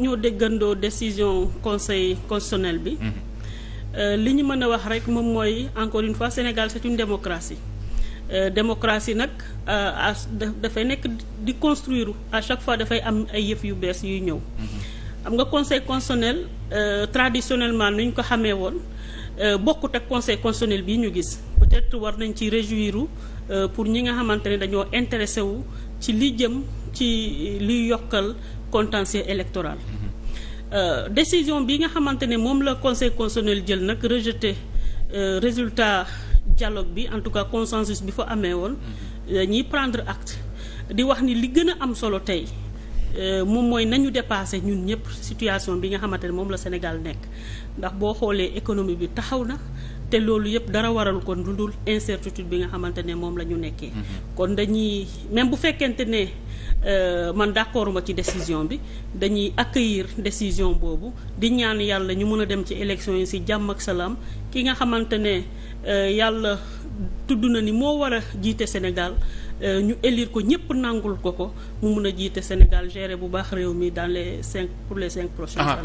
ñoo déggandoo décision conseil constitutionnel bi. Mhm. Euh, li ñu mën a wax rek moom mooy encore une fois Sénégal c'est une démocratie. Euh, démocratie nag euh, dafay nekk di construire à chaque fois dafay am ay yëf yu bees yuy ñëw. Mhm. xam nga conseil constitutionnel traditionnellement ni ñu ko xamee woon bokkut ak conseil constitutionnel bii ñu gis peut-être war nañ ci réjouir pour ñi nga xamante ne dañoo intéressé wu ci li jëm ci liy yokkal contentieux électoral. Euh, décision bi nga xamante ne moom la conseil constitutionnel jël nag rejeté euh, résultat dialogue bi en tout cas consensus bi fa amee woon mhm. euh, ñiy prendre acte di wax ni li gën a am solo tey moom mooy nañu dépassé ñun ñëpp situation bi nga xamante ne moom la Sénégal nekk ndax boo xoolee économie bi taxaw na te loolu yëpp dara waral kon lu dul incertitude bi nga xamante ne moom la ñu nekkee mhm. kon dañuy même bu fekkente ne Euh, man d'accord ma ci décision bi dañuy accueillir décision boobu di ñaan yàlla ñu mën a dem ci élection yi si jàmm ak salaam ki nga xamante ne euh, yàlla tudd na ni moo war a jiite Sénégal euh, ñu élire ko ñëpp nangul ko ko mu mun a jiite Sénégal gérer bu baax réew mi dans les pour les cinq prochaines ah,